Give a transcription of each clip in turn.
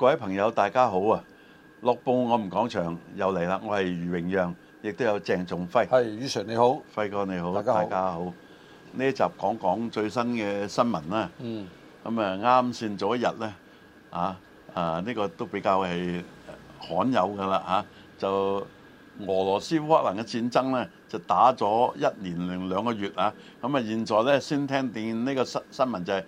各位朋友，大家好啊！樂報我們講場又嚟啦，我係余榮讓，亦都有鄭仲輝。係，余 Sir 你好，輝哥你好，大家好。呢一集講講最新嘅新聞啦。嗯。咁啊啱先早一日咧，啊啊呢個都比較係罕有噶啦嚇，就俄羅斯烏克蘭嘅戰爭咧，就打咗一年零兩個月啊。咁啊，現在咧先聽電呢個新新聞就係誒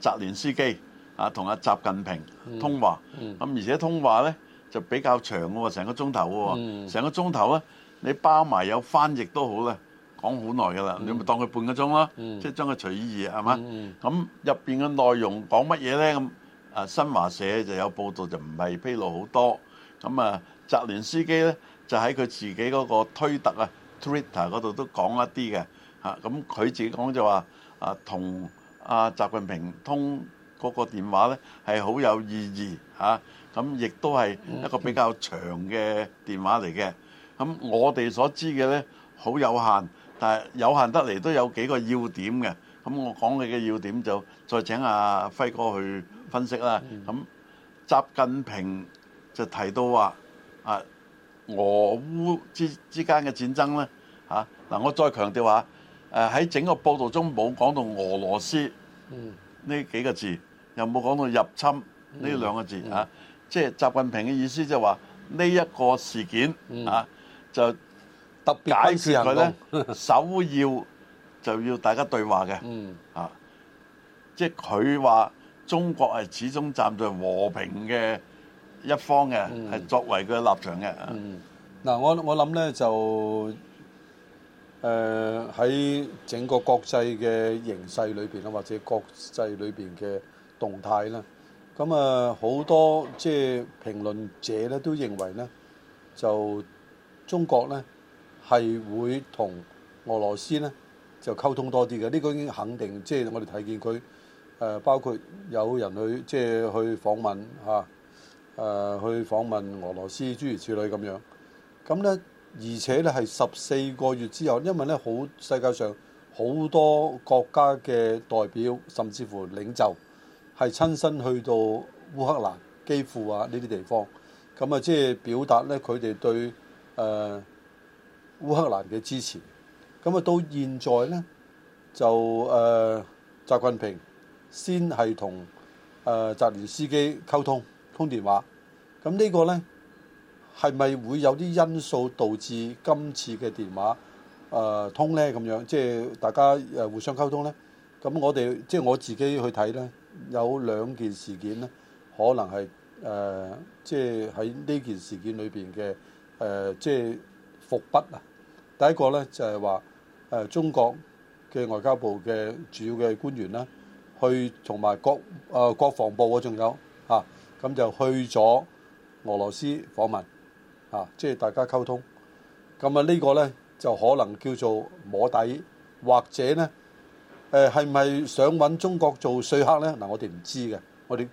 澤連斯基。啊，同阿習近平通話，咁、嗯嗯、而且通話咧就比較長喎，成個鐘頭喎，成、嗯、個鐘頭咧，你包埋有翻譯都好咧，講好耐㗎啦，你咪當佢半個鐘咯、嗯，即係將佢除以二係嘛？咁入邊嘅內容講乜嘢咧？咁啊，新華社就有報道就唔係披露好多咁啊。澤連斯基咧就喺佢自己嗰個推特啊 （Twitter） 嗰度都講一啲嘅嚇，咁佢自己講就話啊，同阿習近平通。個個電話咧係好有意義嚇，咁亦都係一個比較長嘅電話嚟嘅。咁我哋所知嘅呢，好有限，但係有限得嚟都有幾個要點嘅。咁我講你嘅要點就再請阿輝哥去分析啦。咁習近平就提到話啊，俄烏之之間嘅戰爭呢，嚇，嗱，我再強調話喺整個報道中冇講到俄羅斯呢幾個字。又冇講到入侵呢兩個字啊！即、嗯、係、嗯嗯即係、習近平嘅意思就話呢一個事件、嗯、啊，就他特別解決佢咧，首要就要大家對話嘅、嗯、啊！即係佢話中國係始終站在和平嘅一方嘅，係、嗯、作為佢嘅立場嘅。嗱、嗯嗯，我我諗咧就誒喺、呃、整個國際嘅形勢裏邊啊，或者國際裏邊嘅。動態啦，咁啊好多即係評論者咧，都認為呢，就中國呢，係會同俄羅斯呢，就溝通多啲嘅。呢個已經肯定，即係我哋睇見佢包括有人去即係去訪問嚇誒，去訪問俄羅斯諸如此類咁樣。咁呢，而且呢，係十四個月之後，因為呢，好世界上好多國家嘅代表，甚至乎領袖。係親身去到烏克蘭基、啊、基乎啊呢啲地方，咁啊，即係表達咧佢哋對誒、呃、烏克蘭嘅支持。咁啊，到現在咧就誒、呃、習近平先係同誒澤連斯基溝通通電話。咁呢個咧係咪會有啲因素導致今次嘅電話誒、呃、通咧？咁樣即係、就是、大家誒互相溝通咧。咁我哋即係我自己去睇咧。有兩件事件呢，可能係喺呢件事件裡邊嘅，即係伏筆啊。第一個呢就係話中國嘅外交部嘅主要嘅官員啦，去同埋國、國防部，仲有啊，咁就去咗俄羅斯訪問，即係大家溝通。咁呢個呢就可能叫做摸底，或者呢，誒係唔係想揾中國做稅客呢？嗱、啊，我哋唔知嘅。我哋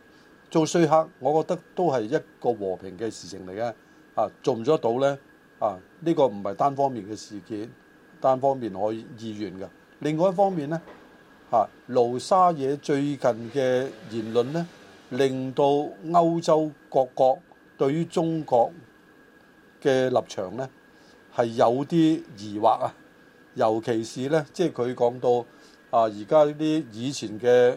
做稅客，我覺得都係一個和平嘅事情嚟嘅。啊，做唔做得到呢？啊，呢、呢個唔係單方面嘅事件，單方面可以意願嘅。另外一方面呢，嚇、啊、盧沙野最近嘅言論呢，令到歐洲各國對於中國嘅立場呢，係有啲疑惑啊。尤其是呢，即係佢講到。啊！而家呢啲以前嘅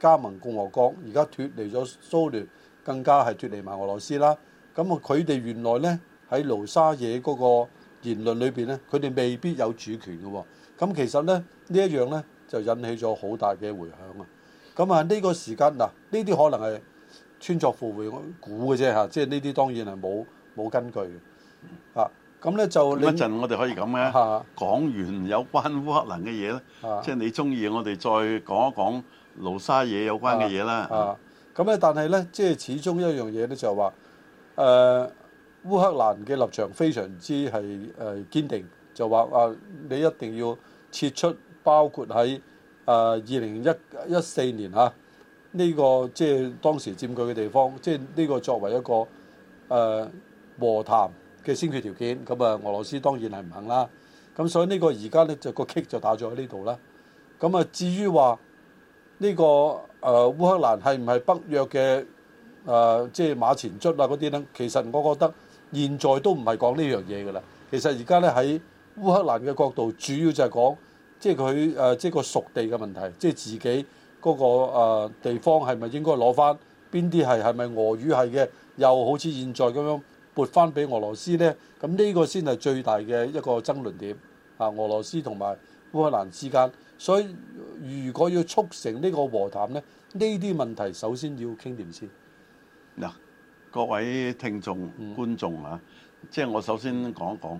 加盟共和國，而家脫離咗蘇聯，更加係脫離埋俄羅斯啦。咁啊，佢哋原來呢喺盧沙野嗰個言論裏邊呢，佢哋未必有主權嘅、哦。咁其實呢，呢一樣呢，就引起咗好大嘅回響啊。咁啊，呢個時間嗱，呢、啊、啲可能係穿鑿附會我估嘅啫吓，即係呢啲當然係冇冇根據嘅啊。咁咧就呢，一陣，我哋可以咁嘅講完有關烏克蘭嘅嘢咧，即係你中意，我哋再講一講盧沙野有關嘅嘢啦。啊，咁咧，但係咧，即係始終一樣嘢咧，就話誒烏克蘭嘅立場非常之係誒堅定，就話啊，你一定要撤出，包括喺誒二零一四年嚇、這、呢個即係當時佔據嘅地方，即係呢個作為一個誒、呃、和談嘅先決條件，咁啊，俄羅斯當然係唔肯啦。咁所以呢個而家呢，就個擊就打咗喺呢度啦。咁啊，至於話呢、呢個誒、呃、烏克蘭係唔係北約嘅誒即係馬前卒啊嗰啲呢？其實我覺得現在都唔係講呢樣嘢噶啦。其實而家呢，喺烏克蘭嘅角度，主要就係講即係佢誒即係個屬地嘅問題，即、就、係、係、自己嗰、嗰個、啊、地方係咪應該攞翻邊啲係係咪俄語係嘅，又好似現在咁樣。撥翻俾俄羅斯呢，咁呢個先係最大嘅一個爭論點啊！俄羅斯同埋烏克蘭之間，所以如果要促成呢個和談呢，呢啲問題首先要傾掂先。各位聽眾觀眾啊，嗯、即係我首先講一講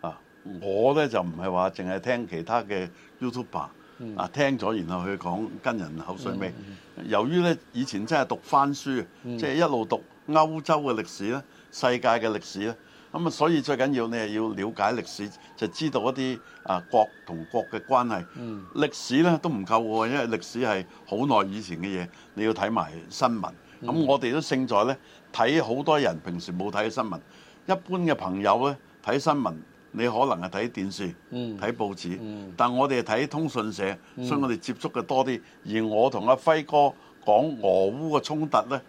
啊，我呢就唔係話淨係聽其他嘅 YouTuber 啊、嗯，聽咗然後去講跟人口水味。嗯嗯嗯由於呢以前真係讀翻書，嗯、即係一路讀歐洲嘅歷史呢。世界嘅歷史咧，咁啊，所以最緊要你係要了解歷史，就知道一啲啊國同國嘅關係。嗯、歷史咧都唔夠喎，因為歷史係好耐以前嘅嘢，你要睇埋新聞。咁、嗯、我哋都勝在咧睇好多人平時冇睇新聞。一般嘅朋友咧睇新聞，你可能係睇電視、睇、嗯、報紙，嗯、但我哋係睇通訊社，嗯、所以我哋接觸嘅多啲。而我同阿輝哥講俄烏嘅衝突咧。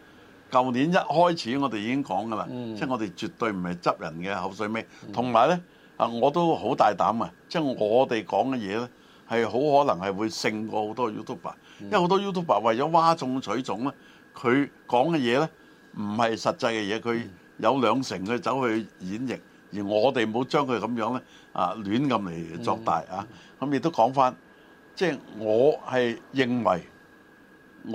舊年一開始我、嗯我嗯，我哋已經講㗎喇，即、就、係、是、我哋絕對唔係執人嘅口水味。同埋呢，啊我都好大膽啊，即係我哋講嘅嘢呢，係好可能係會勝過好多 YouTuber、嗯、因為好多 YouTuber 為咗嘩眾取寵呢，佢講嘅嘢呢，唔係實際嘅嘢，佢有兩成佢走去演繹，嗯、而我哋冇將佢咁樣呢啊亂咁嚟作大、嗯、啊，咁亦都講返，即係我係認為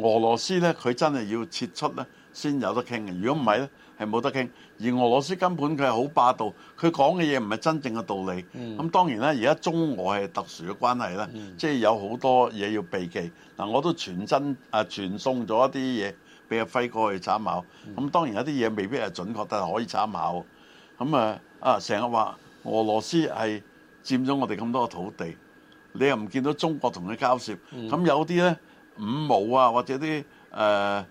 俄羅斯呢，佢真係要撤出呢。先有得傾嘅，如果唔係咧，係冇得傾。而俄羅斯根本佢係好霸道，佢講嘅嘢唔係真正嘅道理。咁、嗯、當然啦，而家中俄係特殊嘅關係啦，即、嗯、係、就是、有好多嘢要避忌。嗱，我都傳真啊，傳送咗一啲嘢俾阿輝哥去參考。咁、嗯、當然有啲嘢未必係準確，但係可以參考。咁、嗯、啊啊，成日話俄羅斯係佔咗我哋咁多嘅土地，你又唔見到中國同佢交涉？咁、嗯、有啲咧五毛啊，或者啲誒。呃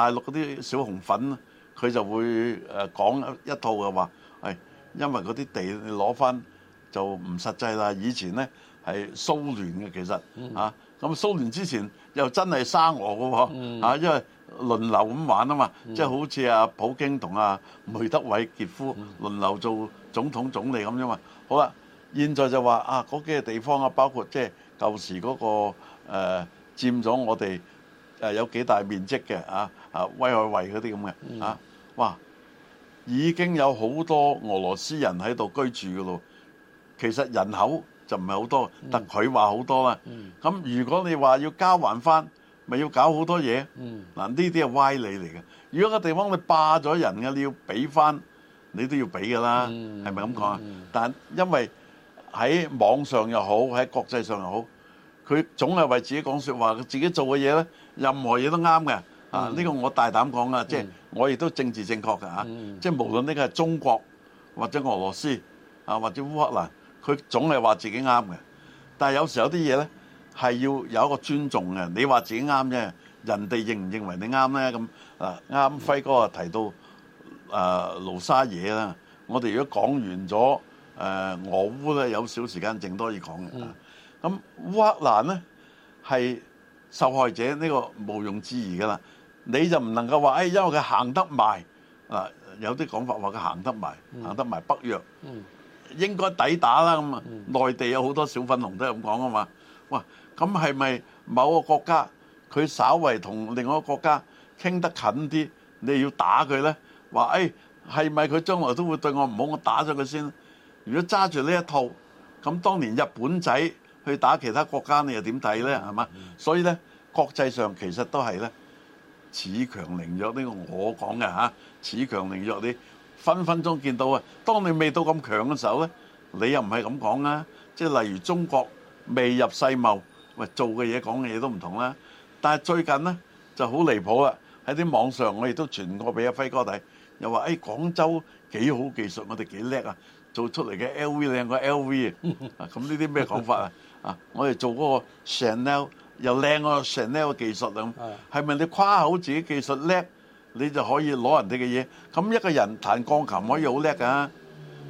大陸嗰啲小紅粉，佢就會誒講一一套嘅話，誒，因為嗰啲地你攞翻就唔實際啦。以前咧係蘇聯嘅，其實嚇、嗯、咁、啊、蘇聯之前又真係沙俄嘅喎，因為輪流咁玩啊嘛，即係好似阿普京同阿梅德維傑夫輪流做總統總理咁樣嘛。好啦，現在就話啊嗰幾個地方啊，包括即係舊時嗰個誒、呃、佔咗我哋誒有幾大面積嘅啊。啊，威海衛嗰啲咁嘅啊，哇！已經有好多俄羅斯人喺度居住嘅咯。其實人口就唔係好多，嗯、但佢話好多啦。咁、嗯、如果你話要交還翻，咪要搞好多嘢嗱？呢啲係歪理嚟嘅。如果個地方你霸咗人嘅，你要俾翻，你都要俾嘅啦。係咪咁講啊？但因為喺網上又好，喺國際上又好，佢總係為自己講説話，佢自己做嘅嘢咧，任何嘢都啱嘅。啊！呢個我大膽講啊、嗯，即係我亦都政治正確嘅嚇、啊嗯。即係無論呢個係中國或者俄羅斯啊，或者烏克蘭，佢總係話自己啱嘅。但係有時候有啲嘢咧係要有一個尊重嘅。你話自己啱啫，人哋認唔認為你啱咧咁？啊，啱輝哥啊提到啊盧沙野啦，我哋如果講完咗誒、啊、俄烏咧，有少時間剩多嘢講嘅，咁烏克蘭咧係。係受害者呢個毋庸置疑噶啦，你就唔能夠話誒、哎，因為佢行得埋，啊有啲講法話佢行得埋，行得埋北約，應該抵打啦咁啊！內地有好多小粉紅都係咁講啊嘛，哇！咁係咪某個國家佢稍微同另外一個國家傾得近啲，你要打佢呢？話誒，係咪佢將來都會對我唔好？我打咗佢先。如果揸住呢一套，咁當年日本仔，去打其他國家，你又點睇咧？係嘛？所以咧，國際上其實都係咧，恃強凌弱呢個我講嘅吓，恃強凌弱，你分分鐘見到啊！當你未到咁強嘅時候咧，你又唔係咁講啊！即係例如中國未入世貿，喂，做嘅嘢講嘅嘢都唔同啦。但係最近咧就好離譜啦！喺啲網上我亦都傳過俾阿輝哥睇，又話哎，廣州幾好技術，我哋幾叻啊！做出嚟嘅 LV 靚過 LV 啊！咁呢啲咩講法啊？啊！我哋做嗰個 Chanel 又靚個 Chanel 嘅技術咁，係咪你誇口自己技術叻，你就可以攞人哋嘅嘢？咁一個人彈鋼琴可以好叻噶，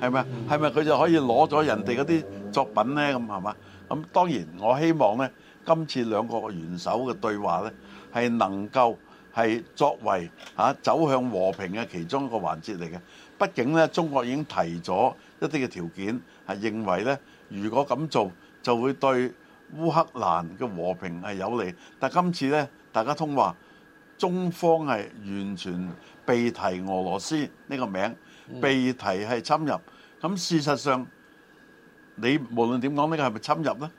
係咪啊？係咪佢就可以攞咗人哋嗰啲作品咧？咁係嘛？咁當然我希望咧，今次兩個元首嘅對話咧，係能夠係作為嚇、啊、走向和平嘅其中一個環節嚟嘅。畢竟咧，中國已經提咗一啲嘅條件，係認為咧，如果咁做。就會對烏克蘭嘅和平係有利，但係今次咧，大家通話，中方係完全避提俄羅斯呢個名，避提係侵入。咁事實上，你無論點講，呢個係咪侵入咧？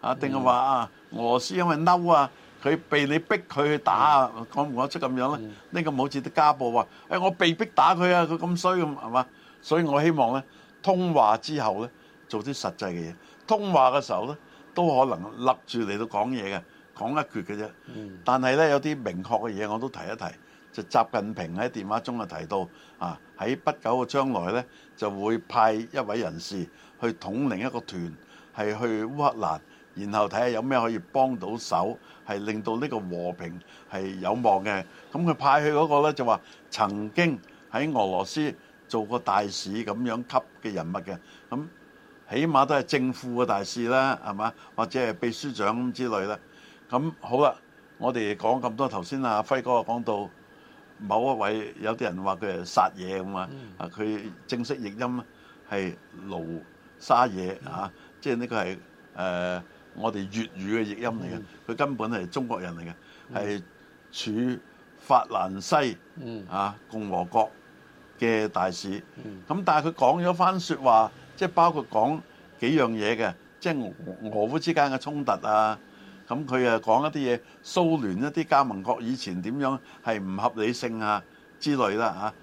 啊，定係話啊，俄羅斯因為嬲啊，佢被你逼佢去打啊，講唔講得出咁樣咧？呢個好似啲家暴喎。誒，我被逼打佢啊，佢咁衰咁係嘛？所以我希望咧，通話之後咧。做啲實際嘅嘢。通話嘅時候呢都可能立住嚟到講嘢嘅，講一橛嘅啫。Mm. 但係呢，有啲明確嘅嘢我都提一提。就習近平喺電話中啊提到啊，喺不久嘅將來呢，就會派一位人士去統領一個團係去烏克蘭，然後睇下有咩可以幫到手，係令到呢個和平係有望嘅。咁佢派去嗰個呢就話曾經喺俄羅斯做過大使咁樣級嘅人物嘅咁。起碼都係政府嘅大使啦，係嘛？或者係秘書長之類啦。咁好啦，我哋講咁多頭先阿輝哥講到某一位，有啲人話佢係殺嘢咁啊！佢正式譯音係盧沙野、嗯、啊，即係呢個係誒、呃、我哋粵語嘅譯音嚟嘅。佢、嗯、根本係中國人嚟嘅，係、嗯、駐法蘭西啊共和國嘅大使。咁、嗯啊、但係佢講咗番説話。即係包括講幾樣嘢嘅，即係俄烏之間嘅衝突啊。咁佢啊講一啲嘢，蘇聯一啲加盟國以前點樣係唔合理性啊之類啦、啊、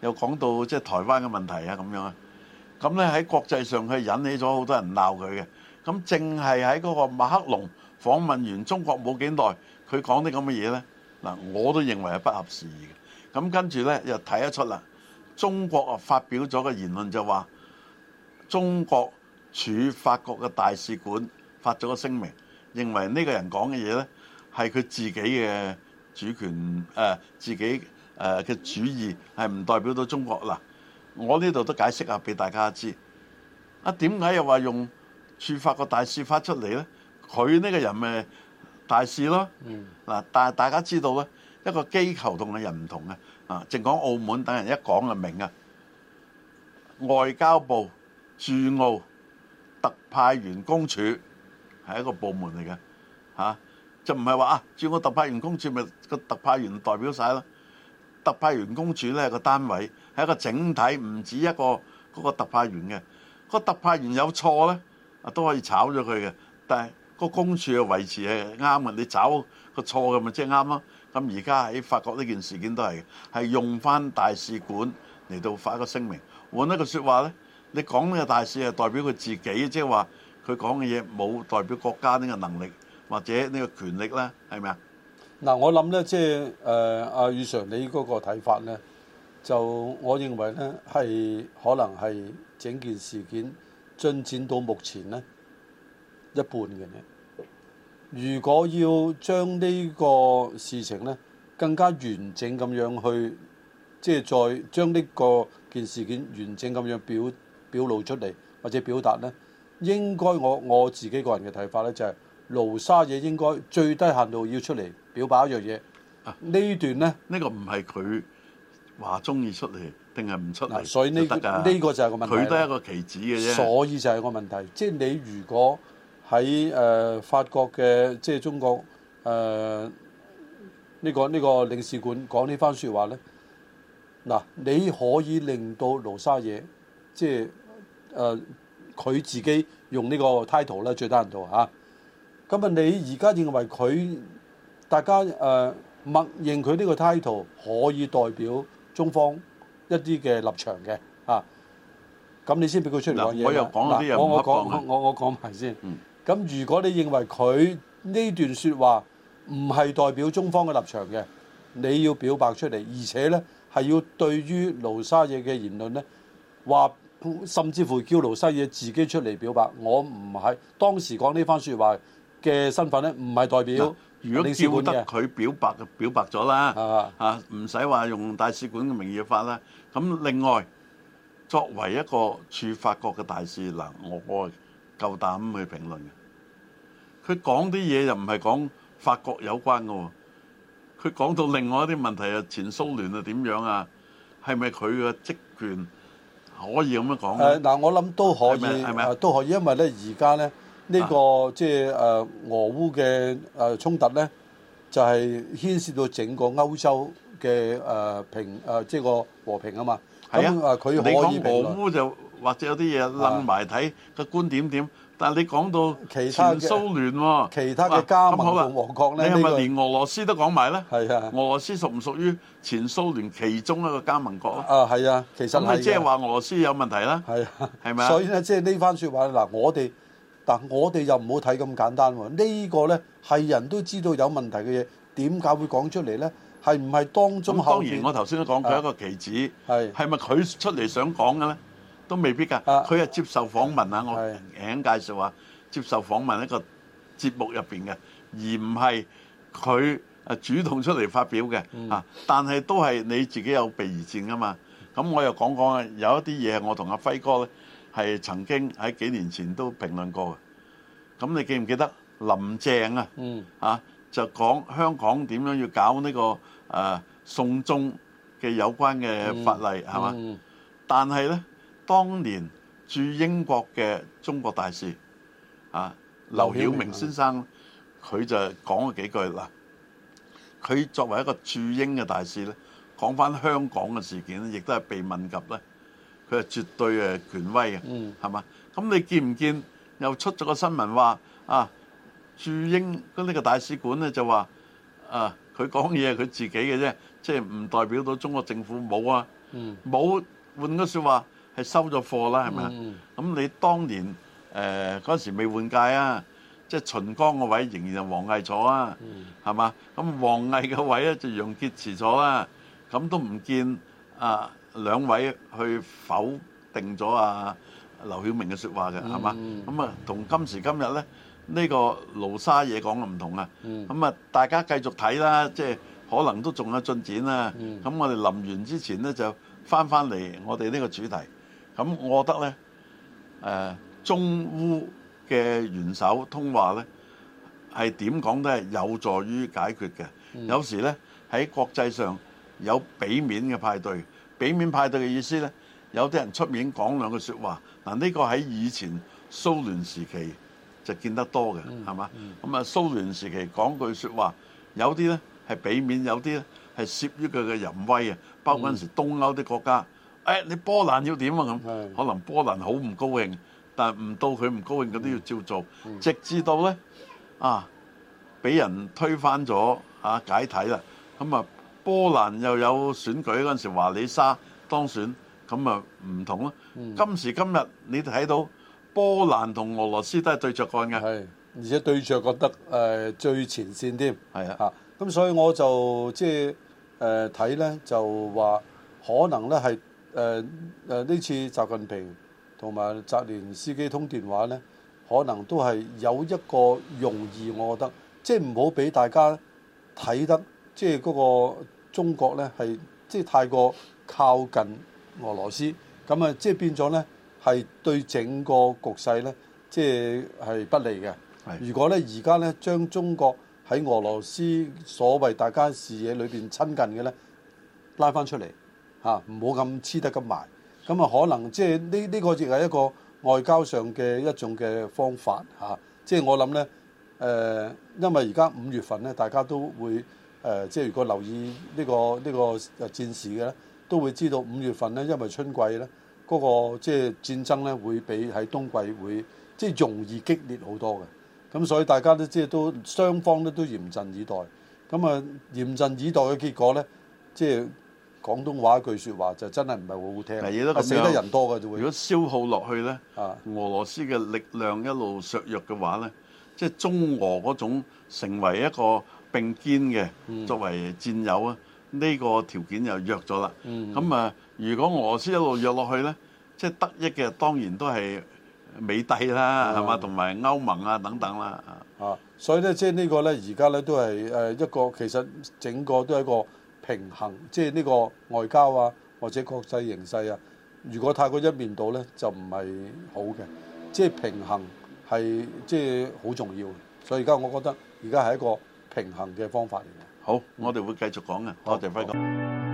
吓，又講到即係台灣嘅問題啊咁樣啊。咁咧喺國際上佢引起咗好多人鬧佢嘅。咁淨係喺嗰個馬克龍訪問完中國冇幾耐，佢講啲咁嘅嘢咧嗱，我都認為係不合時宜嘅。嘅，咁跟住咧又睇得出啦，中國啊發表咗個言論就話。中國駐法國嘅大使館發咗個聲明，認為呢個人講嘅嘢呢係佢自己嘅主權誒、呃，自己誒嘅、呃、主意係唔代表到中國。嗱，我呢度都解釋下俾大家知。啊，點解又話用駐法國大使發出嚟呢？佢呢個人咪大使咯。嗱，但係大家知道呢一個機構同個人唔同嘅。啊，淨講澳門等人一講就明啊，外交部，駐澳特派員公署係一個部門嚟嘅嚇，就唔係話啊。駐澳特派員公署咪個特派員代表晒咯。特派員公署咧係個單位，係一個整體，唔止一個嗰個特派員嘅。個特派員有錯咧，啊都可以炒咗佢嘅。但係個公署嘅維持係啱嘅，你找個錯嘅咪即係啱咯。咁而家喺法國呢件事件都係係用翻大使館嚟到發一個聲明，換一個説話咧。你講呢個大事係代表佢自己，即係話佢講嘅嘢冇代表國家呢個能力或者呢個權力啦，係咪啊？嗱，我諗咧，即係誒阿宇常你嗰個睇法咧，就我認為咧，係可能係整件事件進展到目前咧一半嘅咧。如果要將呢個事情咧更加完整咁樣去，即係再將呢個件事件完整咁樣表表露出嚟或者表達咧，應該我我自己個人嘅睇法咧，就係、是、盧沙野應該最低限度要出嚟表白一樣嘢。啊、段呢段咧，呢、這個唔係佢話中意出嚟定係唔出嚟，啊？所以呢個呢個就係個問題。佢都係一個棋子嘅啫。所以就係個問題，即、就、係、是、你如果喺誒、呃、法國嘅即係中國誒呢、呃這個呢、這個領事館講呢番説話咧，嗱、啊、你可以令到盧沙野即係。就是誒、呃、佢自己用呢個 title 咧，最得人道嚇。咁啊，你而家認為佢大家誒默、呃、認佢呢個 title 可以代表中方一啲嘅立場嘅啊？咁你先俾佢出嚟講嘢。我又講、呃、我我講我我講埋先。咁、嗯、如果你認為佢呢段説話唔係代表中方嘅立場嘅，你要表白出嚟，而且咧係要對於盧沙野嘅言論咧話。甚至乎叫盧沙野自己出嚟表，表，表白，我唔係當時講呢番説話嘅身份咧，唔係代表。如果照得佢表白嘅，表白咗啦，嚇唔使話用大使館嘅名義發啦。咁另外作為一個處法國嘅大使，嗱我我夠膽去評論嘅。佢講啲嘢又唔係講法國有關嘅喎，佢講到另外一啲問題啊，前蘇聯啊點樣啊，係咪佢嘅職權？可以咁樣講咧、呃，嗱我諗都可以，係咪啊都可以，因為咧而家咧呢、呢、呢個、啊、即係、呃、俄烏嘅衝突咧，就係牽涉到整個歐洲嘅平、呃、即和平啊嘛。咁誒佢可以俄烏就或者有啲嘢諗埋睇個觀點點。但係你講到前蘇聯、哦、其他嘅加盟國咧，係、啊、係咪連俄羅斯都講埋咧？係啊，俄羅斯屬唔屬於前蘇聯其中一個加盟國啊，係啊，其實係。即係話俄羅斯有問題啦？係啊，係咪啊？所以咧，即係呢番説話，嗱，我哋，但我哋又唔好睇咁簡單喎。呢個、呢個咧係人都知道有問題嘅嘢，點解會講出嚟咧？係唔係當中後的？當然，我頭先都講佢一個棋子，係係咪佢出嚟想講嘅咧？都未必㗎，佢係接受訪問啊，我請介紹啊，接受訪問一個節目入邊嘅，而唔係佢啊主動出嚟發表嘅啊。但係都係你自己有備而戰㗎嘛。咁我又講講啊，有一啲嘢係我同阿輝哥呢係曾經喺幾年前都評論過嘅。咁你記唔記得林鄭啊？啊就講香港點樣要搞呢個誒送中嘅有關嘅法例係嘛？但係咧。當年駐英國嘅中國大使啊，劉曉明先生，佢就講咗幾句嗱。佢作為一個駐英嘅大使咧，講翻香港嘅事件咧，亦都係被問及咧，佢係絕對誒權威嘅、嗯，係嘛？咁你見唔見又出咗個新聞話啊？駐英嗰呢個大使館咧就話啊，佢講嘢係佢自己嘅啫，即係唔代表到中國政府冇啊，冇換個說話。係收咗貨啦，係咪啊？咁你當年誒嗰、呃、時未換屆啊，即係秦剛個位仍然係王毅坐啊，係、嗯、嘛？咁王毅嘅位咧就楊潔篪坐啦、啊，咁都唔見啊兩位去否定咗啊劉曉明嘅説話嘅，係嘛？咁啊同今時今日咧呢、這個盧沙野講嘅唔同啊，咁、嗯、啊大家繼續睇啦，即、就、係、是、可能都仲有進展啦。咁、嗯、我哋臨完之前咧就翻返嚟我哋呢個主題。咁我覺得咧，誒中烏嘅元首通話咧，係點講都係有助於解決嘅。有時咧喺國際上有俾面嘅派對，俾面派對嘅意思咧，有啲人出面講兩句説話。嗱呢個喺以前蘇聯時期就見得多嘅，係嘛？咁啊蘇聯時期講句説話，有啲咧係俾面，有啲咧係懾於佢嘅淫威啊。包括嗰陣時東歐啲國家。誒、哎、你波蘭要點啊咁？可能波蘭好唔高興，但唔到佢唔高興，佢都要照做，嗯、直至到咧啊，俾人推翻咗啊解體啦。咁啊，波蘭又有選舉嗰陣時，華里沙當選，咁啊唔同咯。嗯、今時今日你睇到波蘭同俄羅斯都係對着幹嘅，而且對着覺得、呃、最前線添。啊，咁所以我就即係睇咧，就話可能咧係。誒、呃、誒，呢、呃、次習近平同埋澤連斯基通電話呢，可能都係有一個容易我覺得，即係唔好俾大家睇得，即係嗰個中國呢係即係太過靠近俄羅斯，咁啊，即係變咗呢係對整個局勢呢即係係不利嘅。的如果呢而家呢將中國喺俄羅斯所謂大家視野裏邊親近嘅呢，拉翻出嚟。嚇、啊，唔好咁黐得咁埋，咁啊可能即係呢呢個亦係一個外交上嘅一種嘅方法嚇。即、啊、係、就是、我諗呢，誒、呃，因為而家五月份呢，大家都會誒，即、呃、係、就是、如果留意呢、呢個呢、呢個戰事嘅呢，都會知道五月份呢，因為春季呢，嗰、那個即係、就是、戰爭呢，會比喺冬季會即係、就是、容易激烈好多嘅。咁所以大家都即係、就是、都雙方咧都嚴陣以待。咁啊，嚴陣以待嘅結果呢，即係。廣東話一句説話就真係唔係好好聽，也死得人多嘅就會。如果消耗落去咧、啊，俄羅斯嘅力量一路削弱嘅話咧，即、就、係、是、中俄嗰種成為一個並肩嘅、嗯、作為戰友啊，呢、這個條件就弱咗啦。咁、嗯、啊，如果俄羅斯一路弱落去咧，即、就、係、是、得益嘅當然都係美帝啦，係、啊、嘛，同埋歐盟啊等等啦。啊，所以咧，即係呢個咧，而家咧都係誒一個其實整個都係一個。平衡即係呢個外交啊，或者國際形勢啊。如果太過一面倒咧，就唔係好嘅。即係平衡係即係好重要嘅。所以而家我覺得而家係一個平衡嘅方法嚟嘅。好，我哋會繼續講嘅。多謝輝哥。